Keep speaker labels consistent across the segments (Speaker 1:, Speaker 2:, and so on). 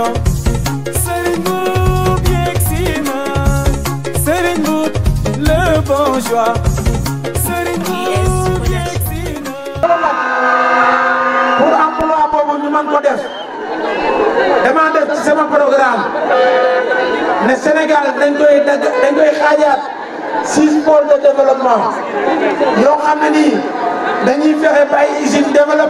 Speaker 1: yoon Serigne Mboup yegsi
Speaker 2: pour emploi boobu ñu mën def dama def ci sama programme ne Sénégal dañ koy six pôles de développement yoo xam ne nii dañuy fexe ba ay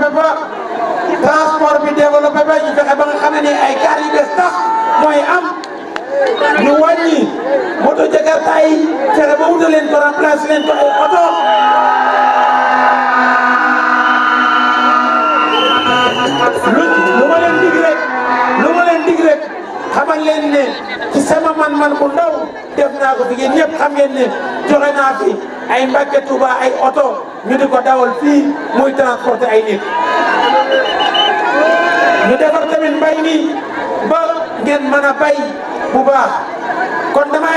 Speaker 2: jakarta yi fexe ba wutal leen ko remplacé leen ko ay leen ne ci sama man-man bu ndaw def naa ko fi ngeen ñëpp xam ngeen ne joxe naa fi ay Mbàkke Tuuba ay oto ñu di ko dawal fii muy transporter ay nit ñu defar tamit mbay mi ba ngeen mën a bay bu baax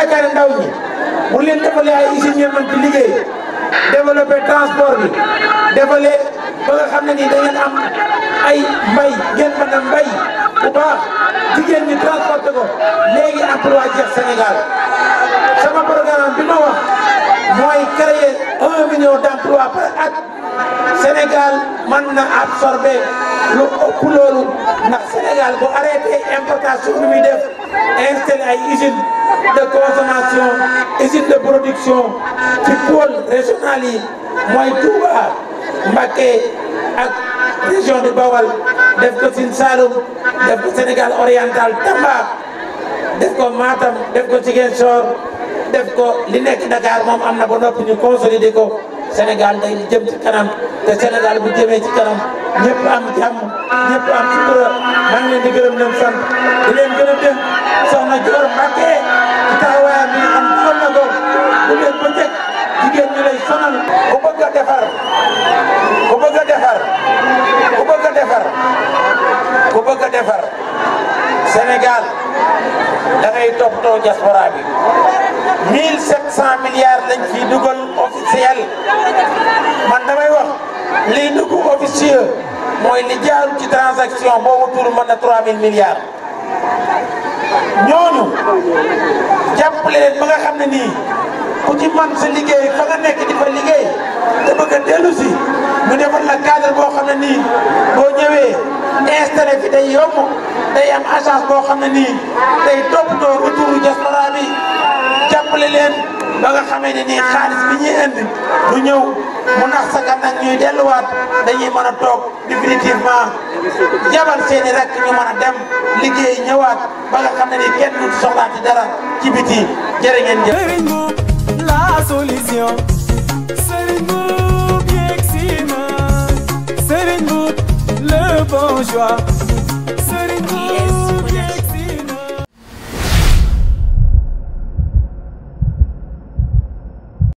Speaker 2: yaakaar ndaw ñi bu leen defalee ay usines ngeen mën liggéey développé transport bi defalee ba nga xam ne nii am ay mbay ngeen mën a mbay bu baax jigéen ñi transporté ko léegi emploi jeex Sénégal sama programme bi ma wax mooy créer un million d'emplois par at Sénégal mën na absorber. lu ëpp loolu ndax Sénégal bu arrêté importation bi muy def installé ay usine de consommation usine de production ci pôle régional mooy Touba Mbacké ak région du Bawal def ko Sine Saloum def ko Sénégal oriental Tamba def ko Matam def ko Ziguinchor def ko li nekk Dakar moom am na ba noppi ñu consolider ko Sénégal day jëm ci kanam te Sénégal bu jëmee ci kanam. ñëpp am jàmm ñëpp am sutura maa ngi leen di gërëm leen sant di leen gërëm dem soxna Dior Mbacké ci taxawaayam bi nga xam sonn na ko bu dee ba njëkk jigéen ñi lay sonal ku bëgg a defar ku bëgg a defar ku bëgg a defar ku bëgg a defar Sénégal da ngay toppatoo diaspora bi 1700 milliards lañ ciy dugal officiel. lii dugg officieux mooy li jaarul ci transaction boobu tur mën na 3000 milliards ñooñu jàppale leen ba nga xam ne nii ku ci man si liggéey fa nga nekk di fa liggéey te bëgg a dellu si ñu defal la cadre boo xam ne nii boo ñëwee installé fi day yomb day am agence koo xam ne nii day toppatoo autour diaspora bi jàppale leen. ba nga xamee ne xaalis bi ñuy indi du ñëw mu nax ñuy delluwaat dañuy mën a toog définitivement jabal seeni rek ñu mën dem liggéey ñëwaat ba nga xam ne kenn du soxlaati dara ci
Speaker 1: biti jërë